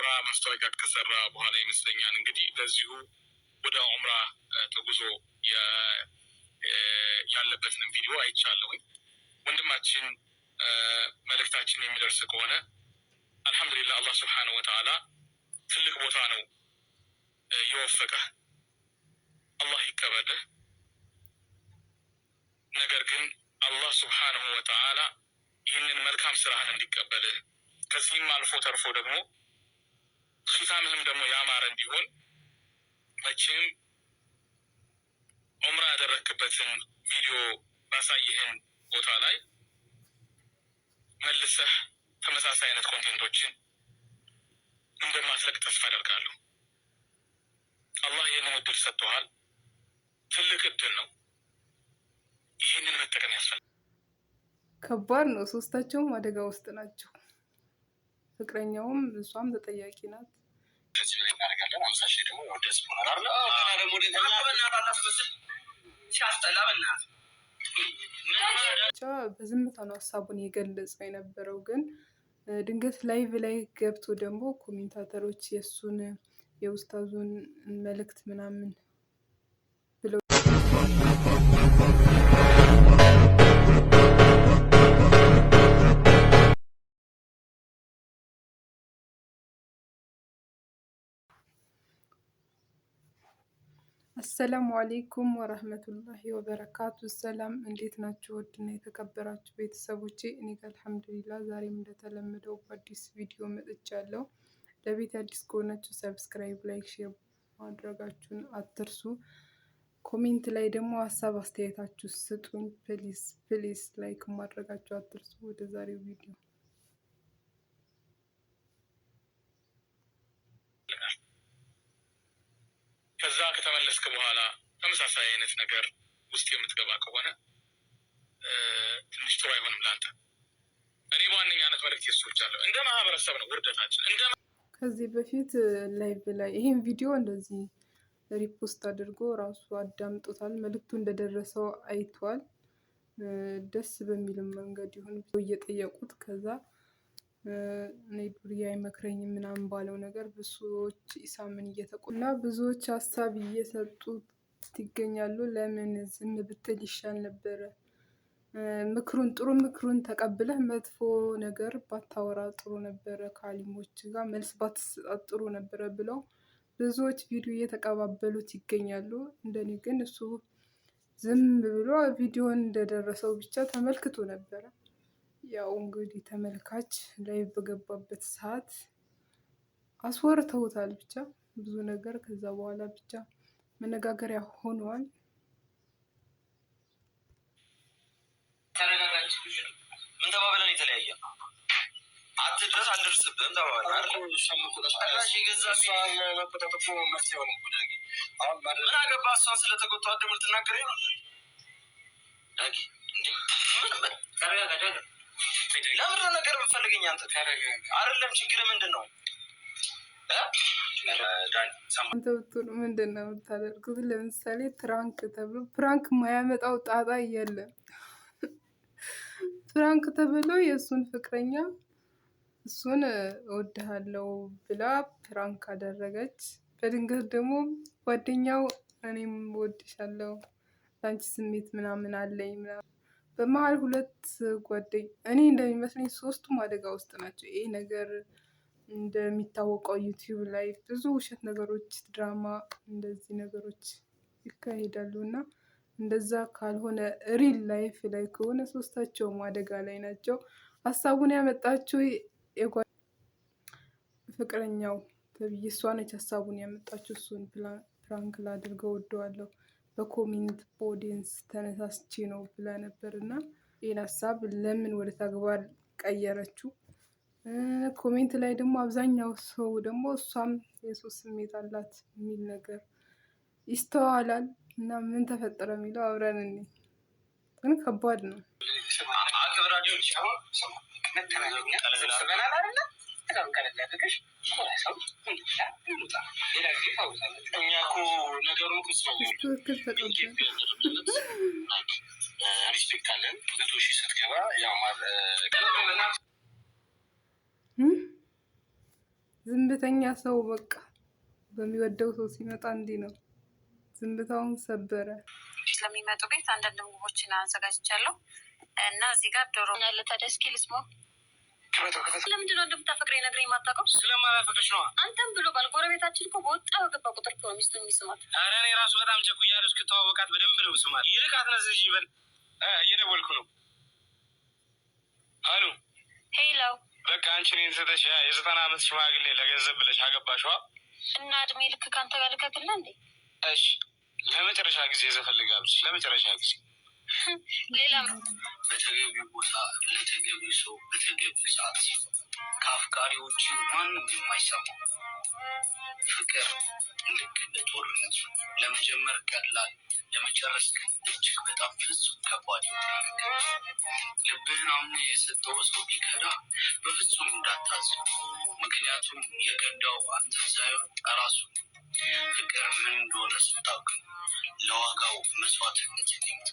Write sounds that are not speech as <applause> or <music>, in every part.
የዑምራ ማስታወቂያ ከሰራ በኋላ ይመስለኛል እንግዲህ ለዚሁ ወደ ዑምራ ተጉዞ ያለበትንም ቪዲዮ አይቻለሁኝ። ወንድማችን መልእክታችን የሚደርስ ከሆነ አልሐምዱሊላህ አላህ ስብሓነሁ ወተዓላ ትልቅ ቦታ ነው የወፈቀህ። አላህ ይቀበልህ። ነገር ግን አላህ ስብሓነሁ ወተዓላ ይህንን መልካም ስራህን እንዲቀበልህ ከዚህም አልፎ ተርፎ ደግሞ ሱሳምህም ደግሞ ያማረ እንዲሆን መቼም ኦምራ ያደረክበትን ቪዲዮ ባሳይህን ቦታ ላይ መልሰህ ተመሳሳይ አይነት ኮንቴንቶችን እንደማትለቅ ተስፋ አደርጋለሁ። አላህ ይህንን እድል ሰጥተዋል። ትልቅ እድል ነው። ይህንን መጠቀም ያስፈልጋል። ከባድ ነው። ሶስታቸውም አደጋ ውስጥ ናቸው። ፍቅረኛውም እሷም ተጠያቂ ናት። ብቻ በዝምታ ነው ሀሳቡን የገለጸው የነበረው። ግን ድንገት ላይቭ ላይ ገብቶ ደግሞ ኮሜንታተሮች የእሱን የውስታዙን መልእክት ምናምን አሰላሙ አሌይኩም ወረህመቱላሂ ወበረካቱ። ሰላም እንዴት ናችሁ? ውድና የተከበራችሁ ቤተሰቦቼ እኔ ጋር አልሐምዱሊላ። ዛሬም እንደተለመደው በአዲስ ቪዲዮ መጥቻለሁ። ለቤት አዲስ ከሆናችሁ ሰብስክራይብ፣ ላይክ፣ ሼር ማድረጋችሁን አትርሱ። ኮሜንት ላይ ደግሞ ሀሳብ አስተያየታችሁ ስጡኝ ፕሊስ ፕሊስ። ላይክ ማድረጋችሁ አትርሱ። ወደ ዛሬው ቪዲዮ ከተመለስክ በኋላ ተመሳሳይ አይነት ነገር ውስጥ የምትገባ ከሆነ ትንሽ ጥሩ አይሆንም ለአንተ። እኔ በዋነኛነት መልዕክት አለሁ እንደ ማህበረሰብ ነው ውርደታችን። እንደ ከዚህ በፊት ላይቭ ላይ ይህን ቪዲዮ እንደዚህ ሪፖስት አድርጎ ራሱ አዳምጦታል። መልዕክቱ እንደደረሰው አይቷል። ደስ በሚልም መንገድ ይሁን እየጠየቁት ከዛ እኔ ዱርዬ አይመክረኝም ምናምን ባለው ነገር ብዙዎች ኢሳምን እየተቆ እና ብዙዎች ሀሳብ እየሰጡት ይገኛሉ። ለምን ዝም ብትል ይሻል ነበረ፣ ምክሩን ጥሩ ምክሩን ተቀብለህ መጥፎ ነገር ባታወራ ጥሩ ነበረ፣ ከአሊሞች ጋር መልስ ባትሰጣት ጥሩ ነበረ ብለው ብዙዎች ቪዲዮ እየተቀባበሉት ይገኛሉ። እንደኔ ግን እሱ ዝም ብሎ ቪዲዮን እንደደረሰው ብቻ ተመልክቶ ነበረ። ያው እንግዲህ ተመልካች ላይ በገባበት ሰዓት አስወርተውታል። ብቻ ብዙ ነገር ከዛ በኋላ ብቻ መነጋገሪያ ሆኗል። ተረጋጋች ልጅ ነው። ምን ተባብለን የተለያየ አትድረስ አልደርስብህም ተባብለን ምን አገባ እሷን ስለተጎቷ ድምር ትናገር ይሆናል። ተረጋጋች ለምንድነው ነገር የምትፈልገኝ አንተ? አይደለም ችግር ምንድን ነው? አንተ ብትሆኑ ምንድን ነው የምታደርጉት? ለምሳሌ ፕራንክ ተብሎ ፕራንክ የማያመጣው ጣጣ የለም። ፕራንክ ተብሎ የእሱን ፍቅረኛ እሱን እወድሃለሁ ብላ ፕራንክ አደረገች። በድንገት ደግሞ ጓደኛው እኔም እወድሻለሁ ለአንቺ ስሜት ምናምን አለኝ ምናምን በመሀል ሁለት ጓደኝ እኔ እንደሚመስለኝ ሶስቱም አደጋ ውስጥ ናቸው። ይሄ ነገር እንደሚታወቀው ዩቲዩብ ላይ ብዙ ውሸት ነገሮች፣ ድራማ እንደዚህ ነገሮች ይካሄዳሉ እና እንደዛ ካልሆነ ሪል ላይፍ ላይ ከሆነ ሶስታቸውም አደጋ ላይ ናቸው። ሀሳቡን ያመጣችው ፍቅረኛው ተብዬ እሷ ነች ሀሳቡን ያመጣችው። እሱን ፕራንክ ላድርገው ወደዋለሁ በኮሚኒቲ ኦዲየንስ ተነሳስቼ ነው ብላ ነበር እና ይህን ሀሳብ ለምን ወደ ተግባር ቀየረችው? ኮሜንት ላይ ደግሞ አብዛኛው ሰው ደግሞ እሷም የሱስ ስሜት አላት የሚል ነገር ይስተዋላል እና ምን ተፈጠረ የሚለው አብረን እኔ ግን ከባድ ነው። እኛ እኮ ዝንብተኛ ዝምብተኛ ሰው በቃ በሚወደው ሰው ሲመጣ እንዲህ ነው። ዝምብታውን ሰበረ። ስለሚመጡ ቤት አንዳንድ ምግቦችን አዘጋጅቻለሁ እና እዚህ ጋር ዶሮ ያለ ለምንድነው እንደምታፈቅረ ነገር የማታውቀው? ነዋ። አንተም ብሎ ባል ጎረቤታችን እኮ በወጣ በገባ ቁጥር እኮ የሚስማት። ኧረ እኔ በጣም ቸኩያለሁ። እስክተዋወቃት በደንብ ነው ስማት። ይልቅ ይበል። እየደወልኩ ነው። አሉ በቃ አንቺ እኔን ስተሽ የዘጠና ዓመት ሽማግሌ ለገንዘብ ብለሽ አገባሽዋ እና እድሜ ልክ ከአንተ ጋር እንዴ? እሺ ለመጨረሻ ጊዜ ዘፈልጋብሽ ለመጨረሻ ጊዜ ሌላ በተገቢው ቦታ ለተገቢ ሰው በተገቢ ሰዓት ሲሆን ከአፍቃሪዎች ማንም የማይሰማው ፍቅር ልክ እንደ ለመጀመር ቀላል፣ ለመጨረስ ግን እጅግ በጣም ፍጹም ከባድ ነገር። ልብህን አምነህ የሰጠው ሰው ቢከዳ በፍጹም እንዳታዝ፣ ምክንያቱም የከዳው አንተ ሳይሆን ራሱ። ፍቅር ምን እንደሆነ ስታውቅ ለዋጋው መስዋዕትነት የሚጠ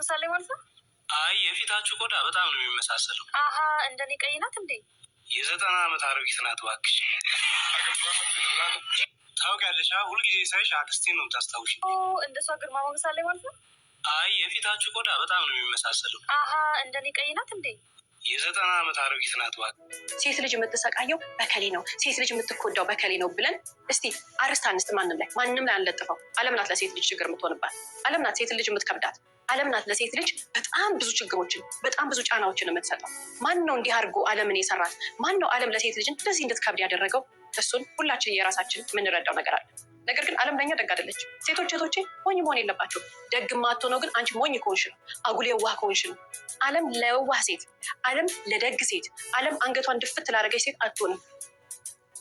ምሳሌ ማለት ነው? አይ የፊታችሁ ቆዳ በጣም ነው የሚመሳሰለው። አሀ እንደኔ ቀይ ናት እንዴ? የዘጠና ዓመት አሮጊት ናት እባክሽ። ታውቂያለሽ፣ ሁልጊዜ ሳይሽ አክስቴ ነው የምታስታውሽ። እንደሷ ግርማ ማመሳለኝ ማለት ነው? አይ የፊታችሁ ቆዳ በጣም ነው የሚመሳሰለው። አሀ እንደኔ ቀይ ናት እንዴ? የዘጠና ዓመት አሮጊት ናት እባክሽ። ሴት ልጅ የምትሰቃየው በከሌ ነው፣ ሴት ልጅ የምትኮዳው በከሌ ነው ብለን እስቲ አርስት አንስት ማንም ላይ ማንም ላይ አንለጥፈው። አለምናት ለሴት ልጅ ችግር የምትሆንባት አለምናት ሴት ልጅ የምትከብዳት ዓለም ናት ለሴት ልጅ በጣም ብዙ ችግሮችን በጣም ብዙ ጫናዎችን የምትሰጠው። ማን ነው እንዲህ አድርጎ ዓለምን የሰራት? ማን ነው ዓለም ለሴት ልጅ እንደዚህ እንድትከብድ ያደረገው? እሱን ሁላችን የራሳችን የምንረዳው ነገር አለ። ነገር ግን ዓለም ለኛ ደግ አደለች ሴቶች ሞኝ መሆን የለባቸው። ደግ ነው ግን አንቺ ሞኝ ከሆንሽ ነው፣ አጉል የዋህ ከሆንሽ ነው። ዓለም ለዋህ ሴት፣ ዓለም ለደግ ሴት፣ ዓለም አንገቷን ድፍት ላደረገች ሴት አትሆንም።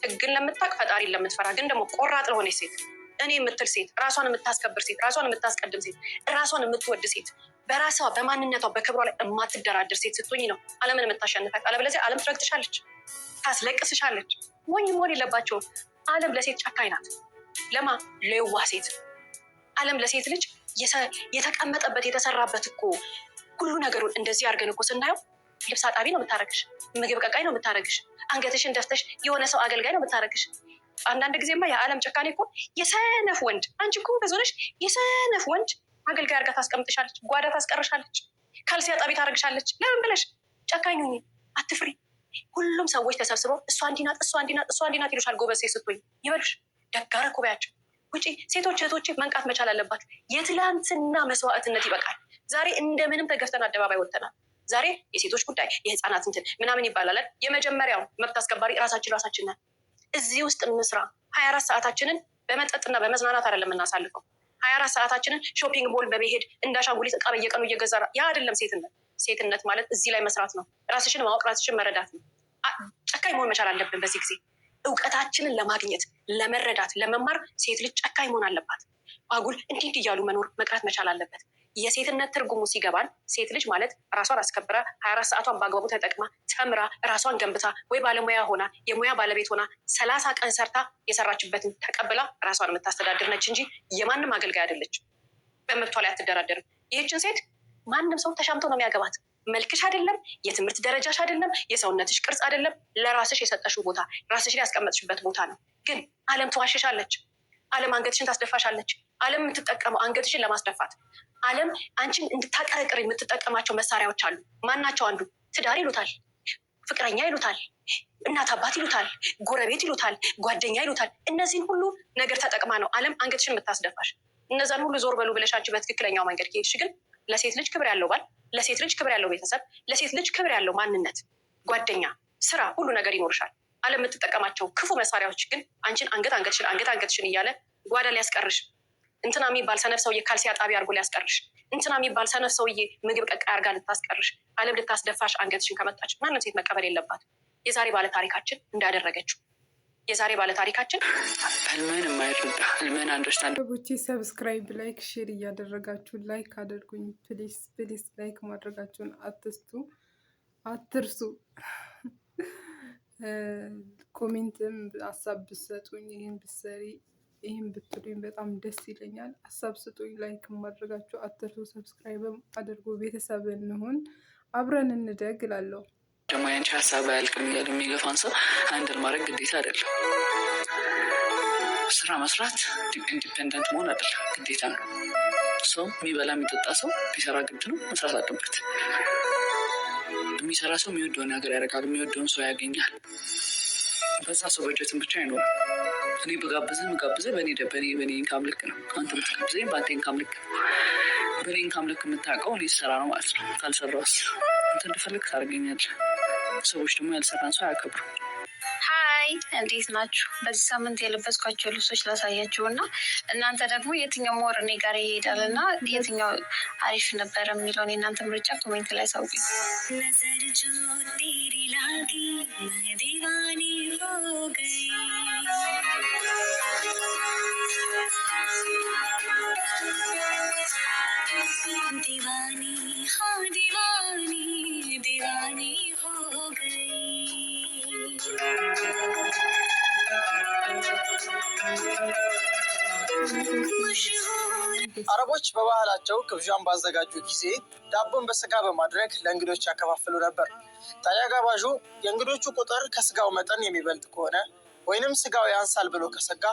ህግን ለምታቅ ፈጣሪን ለምትፈራ ግን ደግሞ ቆራጥ ለሆነች ሴት እኔ የምትል ሴት፣ ራሷን የምታስከብር ሴት፣ ራሷን የምታስቀድም ሴት፣ ራሷን የምትወድ ሴት፣ በራሷ በማንነቷ በክብሯ ላይ የማትደራደር ሴት ስትሆኝ ነው ዓለምን የምታሸንፋት። አለበለዚያ ዓለም ትረግጥሻለች፣ ታስለቅስሻለች። ሞኝ መሆን የለባቸውም። ዓለም ለሴት ጨካኝ ናት። ለማ ለየዋ ሴት ዓለም ለሴት ልጅ የተቀመጠበት የተሰራበት እኮ ሁሉ ነገሩን እንደዚህ አድርገን እኮ ስናየው ልብስ አጣቢ ነው የምታረግሽ፣ ምግብ ቀቃይ ነው የምታረግሽ፣ አንገትሽን ደፍተሽ የሆነ ሰው አገልጋይ ነው የምታረግሽ። አንዳንድ ጊዜማ የዓለም ጭካኔ እኮ የሰነፍ ወንድ አንቺ እኮ በዞነሽ የሰነፍ ወንድ አገልጋይ አድርጋ ታስቀምጥሻለች፣ ጓዳ ታስቀርሻለች፣ ካልሲ አጣቢ ታደርግሻለች። ለምን ብለሽ ጨካኝ ሁኚ፣ አትፍሪ። ሁሉም ሰዎች ተሰብስበው እሷ እንዲናት፣ እሷ እንዲናት፣ እሷ እንዲናት ይሉሻል። ጎበዝ ሴት ስትሆኝ ይበሉሽ፣ ደጋረ ኮበያቸው ውጪ ሴቶች እህቶች መንቃት መቻል አለባቸው። የትላንትና መስዋዕትነት ይበቃል። ዛሬ እንደምንም ተገፍተን አደባባይ ወጥተናል። ዛሬ የሴቶች ጉዳይ የህፃናት እንትን ምናምን ይባላል። የመጀመሪያው መብት አስከባሪ ራሳችን ራሳችን ነን። እዚህ ውስጥ እንስራ። ሀያ አራት ሰዓታችንን በመጠጥና በመዝናናት አይደለም የምናሳልፈው። ሀያ አራት ሰዓታችንን ሾፒንግ ቦል በመሄድ እንዳሻንጉሊት እቃ በየቀኑ እየገዛ ያ አይደለም ሴትነት። ሴትነት ማለት እዚህ ላይ መስራት ነው። ራስሽን ማወቅ፣ ራስሽን መረዳት ነው። ጨካኝ መሆን መቻል አለብን። በዚህ ጊዜ እውቀታችንን ለማግኘት ለመረዳት፣ ለመማር ሴት ልጅ ጨካኝ መሆን አለባት። አጉል እንዲህ እንዲህ እያሉ መኖር መቅረት መቻል አለበት። የሴትነት ትርጉሙ ሲገባን ሴት ልጅ ማለት ራሷን አስከብራ ሀያ አራት ሰዓቷን በአግባቡ ተጠቅማ ተምራ ራሷን ገንብታ ወይ ባለሙያ ሆና የሙያ ባለቤት ሆና ሰላሳ ቀን ሰርታ የሰራችበትን ተቀብላ ራሷን የምታስተዳድር ነች እንጂ የማንም አገልጋይ አይደለች። በመብቷ ላይ አትደራደርም። ይህችን ሴት ማንም ሰው ተሻምቶ ነው የሚያገባት። መልክሽ አይደለም፣ የትምህርት ደረጃሽ አይደለም፣ የሰውነትሽ ቅርጽ አይደለም። ለራስሽ የሰጠሽው ቦታ ላይ ያስቀመጥሽበት ቦታ ነው። ግን ዓለም ትዋሸሻለች ዓለም አንገትሽን ታስደፋሻለች። ዓለም የምትጠቀመው አንገትሽን ለማስደፋት ዓለም አንቺን እንድታቀረቅር የምትጠቀማቸው መሳሪያዎች አሉ። ማናቸው? አንዱ ትዳር ይሉታል፣ ፍቅረኛ ይሉታል፣ እናት አባት ይሉታል፣ ጎረቤት ይሉታል፣ ጓደኛ ይሉታል። እነዚህን ሁሉ ነገር ተጠቅማ ነው ዓለም አንገትሽን የምታስደፋሽ። እነዛን ሁሉ ዞር በሉ ብለሽ አንቺ በትክክለኛው መንገድ ከሄድሽ ግን ለሴት ልጅ ክብር ያለው ባል፣ ለሴት ልጅ ክብር ያለው ቤተሰብ፣ ለሴት ልጅ ክብር ያለው ማንነት፣ ጓደኛ፣ ስራ፣ ሁሉ ነገር ይኖርሻል። ዓለም የምትጠቀማቸው ክፉ መሳሪያዎች ግን አንቺን አንገት አንገትሽን አንገት አንገትሽን እያለ ጓዳ ሊያስቀርሽ እንትና የሚባል ሰነፍ ሰውዬ ካልሲ አጣቢ አርጎ ሊያስቀርሽ፣ እንትና የሚባል ሰነፍ ሰውዬ ምግብ ቀቃይ አርጋ ልታስቀርሽ፣ አለም ልታስደፋሽ አንገትሽን ከመጣች ማንም ሴት መቀበል የለባት። የዛሬ ባለታሪካችን እንዳደረገችው የዛሬ ባለታሪካችን ህልምን የማይረዳ ህልምን አንደርስታንድ ቡቲ ሰብስክራይብ፣ ላይክ፣ ሼር እያደረጋችሁ ላይክ አድርጉኝ ፕሊስ ፕሊስ። ላይክ ማድረጋችሁን አትስቱ አትርሱ። <laughs> ኮሜንትም ሀሳብ ብሰጡኝ ይህን ብሰሪ ይህም ብትሉኝ በጣም ደስ ይለኛል። ሀሳብ ስጡኝ። ላይክ ማድረጋችሁ አትርሱ። ሰብስክራይብም አድርጎ ቤተሰብ እንሁን፣ አብረን እንደግ እላለሁ። ደግሞ ያንቺ ሀሳብ አያልቅም እያሉ የሚገፋን ሰው አንድን ማድረግ ግዴታ አይደለም። ስራ መስራት ኢንዲፔንደንት መሆን አይደለም ግዴታ ነው። ሰው የሚበላ የሚጠጣ ሰው ቢሰራ ግድ ነው፣ መስራት አለበት። የሚሰራ ሰው የሚወደውን ነገር ያደርጋል፣ የሚወደውን ሰው ያገኛል። በዛ ሰው በጀትን ብቻ አይኖርም። እኔ ብጋብዝ ምጋብዘ በእኔ በእኔ ኢንካም ልክ ነው። አንተ የምትጋብዘኝ በአንተ ኢንካም ልክ በእኔ ኢንካም ልክ የምታውቀው እኔ ስራ ነው ማለት ነው። ካልሰራሁስ አንተ እንደፈለግ ታደርገኛለህ። ሰዎች ደግሞ ያልሰራን ሰው አያከብሩ። ሀይ እንዴት ናችሁ? በዚህ ሳምንት የለበስኳቸው ልብሶች ላሳያችሁ እና እናንተ ደግሞ የትኛው ሞር እኔ ጋር ይሄዳል እና የትኛው አሪፍ ነበረ የሚለውን የእናንተ ምርጫ ኮሜንት ላይ ሳውቂ። ሆገይ አረቦች በባህላቸው ግብዣን ባዘጋጁ ጊዜ ዳቦን በስጋ በማድረግ ለእንግዶች ያከፋፍሉ ነበር። ታዲያ ጋባዡ የእንግዶቹ ቁጥር ከስጋው መጠን የሚበልጥ ከሆነ ወይንም ስጋው ያንሳል ብሎ ከሰጋ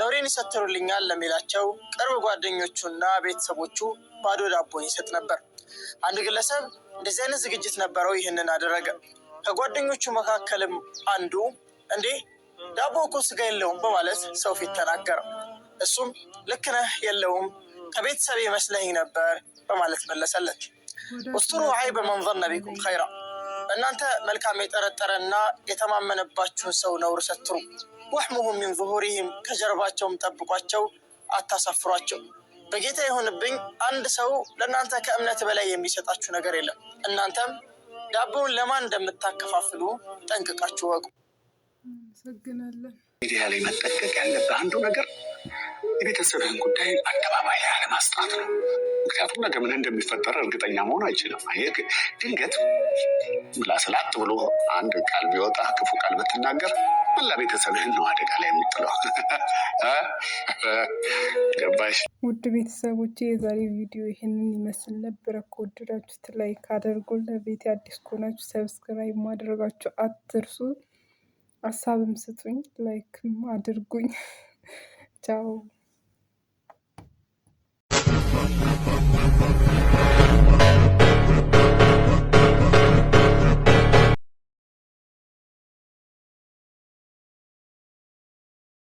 ነውሬን ይሰትሩልኛል ለሚላቸው ቅርብ ጓደኞቹና ቤተሰቦቹ ባዶ ዳቦን ይሰጥ ነበር። አንድ ግለሰብ እንደዚህ አይነት ዝግጅት ነበረው፣ ይህንን አደረገ። ከጓደኞቹ መካከልም አንዱ እንዴ ዳቦ እኮ ስጋ የለውም በማለት ሰው ፊት ተናገረ። እሱም ልክ ነህ የለውም ከቤተሰብ ይመስለኝ ነበር በማለት መለሰለች። ውስጥሩ አይ በመንዘር ነቢኩም ኸይራ እናንተ መልካም የጠረጠረና የተማመነባችሁን ሰው ነውር ሰትሩ። ወሕሙሁም ሚን ዙሁሪህም ከጀርባቸውም ጠብቋቸው፣ አታሳፍሯቸው። በጌታ ይሁንብኝ አንድ ሰው ለእናንተ ከእምነት በላይ የሚሰጣችሁ ነገር የለም። እናንተም ዳቦውን ለማን እንደምታከፋፍሉ ጠንቅቃችሁ ወቁ። ሚዲያ ላይ መጠንቀቅ ያለብህ አንዱ ነገር የቤተሰብህን ጉዳይ አደባባይ ላይ አለማስጣት ነው። ምክንያቱም ነገ ምን እንደሚፈጠረ እርግጠኛ መሆን አይችልም። ይህ ድንገት ምላስላት ብሎ አንድ ቃል ቢወጣ ክፉ ቃል ብትናገር መላ ቤተሰብህን ነው አደጋ ላይ የምጥለው። ገባሽ? ውድ ቤተሰቦች የዛሬ ቪዲዮ ይህንን ይመስል ነበረ። ከወደዳችሁት ላይክ አድርጉ። ለቤት አዲስ ከሆናችሁ ሰብስክራይብ ማድረጋችሁ አትርሱ። ሀሳብም ስጡኝ፣ ላይክም አድርጉኝ። <laughs> ቻው